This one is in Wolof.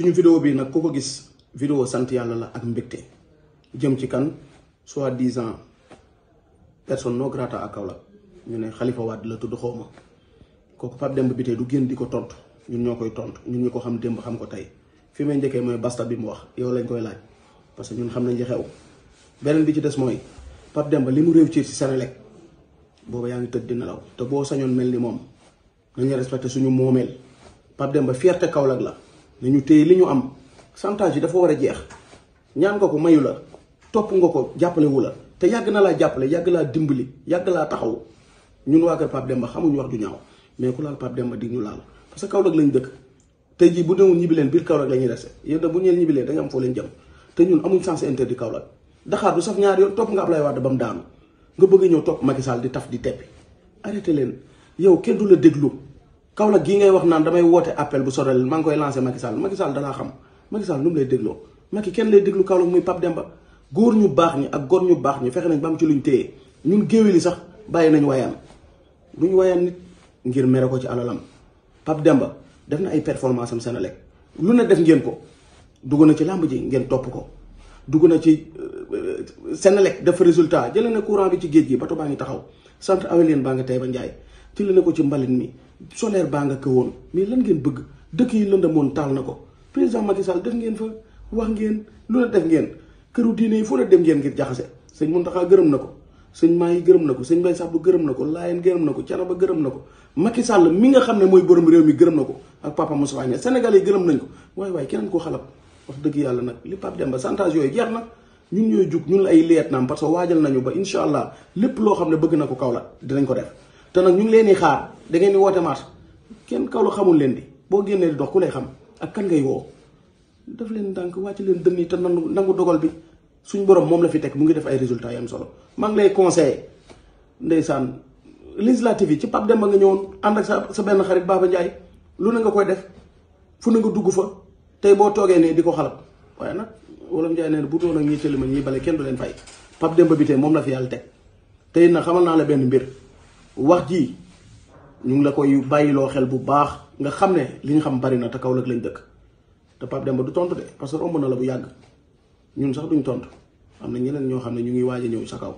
suñu vidéo bi nag koo ko gis vidéo sant yàlla la ak mbégte jëm ci kan soi-disant personne non grata ak Kaolack ñu ne Khalifa Wade la tudd xaw ma kooku Pape Demba Bitèye du génn di ko tontu ñun ñoo koy tont ñu ñu ko xam démb xam ko tey fi may njëkkee mooy basta bi mu wax yow lañ koy laaj parce que ñun xam nañ li beneen bi ci des mooy Pape Demba li mu réew ci Senelec booba yaa ngi tëdd di nelaw te boo sañoon mel ni moom nañu respecté suñu moomeel Pape Demba fierté Kaolack la. nañu téye li ñu am chantage yi dafa war a jeex ñaan nga ko mayu la topp nga ko jàppale wu la te yàgg na laa jàppale yàgg laa dimbali yàgg laa taxaw ñun waa kër Pape Demba xamuñu wax ju ñaaw mais ku laal Pape Demba di ñu laal parce que Kaolack lañ dëkk tey jii bu néewul ñibbi leen biir Kaolack la ñuy reste yéen bu ñeel ñibbi leen da nga am foo leen jëm te ñun amuñ sens interdit Kaolack Dakar du saf ñaari yoon topp nga Ablaye Wade ba mu daanu nga bëgg ñëw topp Macky Sall di taf di teppi arrêté leen yow kenn du la déglu Kaolack gii ngay wax naan damay woote appel bu sorel maa ngi koy lancé Macky Sall Macky Sall danaa xam Macky Sall nu mu lay dégloo Macky kenn lay déglu Kaolack muy Pape Demba góor ñu baax ñi ak góor ñu baax ñi fexe nañ bam am ci luñ téye ñun géwél yi sax bàyyi nañu nañ wayaan duñ wayaan nit ngir mere ko ci alalam Pape Demba def na ay performance am Senelec lu ne def ngeen ko dugg na ci làmb ji ngeen topp ko dugg na ci euh, Senelec def résultat jëlee na courant bi ci géej gi bato baa ngi taxaw centre Awélène baa nga tey ba Njaay ci la ne ko ci mbalit mi solaire baa nga ko woon mais lan ngeen bëgg dëkk yi lëndamoon taal na ko président Macky Sall def ngeen fa wax ngeen lu la def ngeen këru diine yi foo la dem ngeen ngir jaxase sëñ Mountakha gërëm na ko sëñ maa yi gërëm na ko sëñ Baye Sall bu gërëm na ko Laayeen gërëm na ko Canaba gërëm na ko Macky Sall mi nga xam ne mooy borom réew mi gërëm na ko ak papa Moussa Niass Sénégal yi gërëm nañ ko waaye waaye keneen ko xalab wax dëgg yàlla nag li Pape Demba chantage yooyu jeex na ñun ñooy jug ñun la ay liet naam parce que waajal nañu ba incha allah lépp loo xam ne bëgg na ko kaw dinañ ko def te nag ñu ngi leen di xaar dangeen ngeen di woote marche kenn kaw la xamul leen di boo génnee di dox ku lay xam ak kan ngay woo def leen ndànk wàcc leen dënn yi te nangu nangu dogal bi suñ borom moom la fi teg mu ngi def ay résultats am solo maa ngi lay conseillé ndeysaan législative yi ci Pape Demba nga ñëwoon ànd sa sa benn xarit Baba Ndiaye lu ne nga koy def fu ne nga dugg fa tey boo toogee ne di ko xalaat waaye nag wala Ndiaye nee na bu doon ak ñi cëlima ñi bale kenn du leen fay Pape Demba bi tey moom la fi yàlla teg tey na xamal naa la benn mbir wax ji ñu ngi la koy bàyyiloo xel bu baax nga xam ne li ñu xam bari na kaw Kaolack lañ dëkk te dem Demba du tontu de parce que romb na la bu yàgg ñun sax duñ tontu am na ñeneen ñoo xam ne ñu ngi waaj a ñëw sa kaw.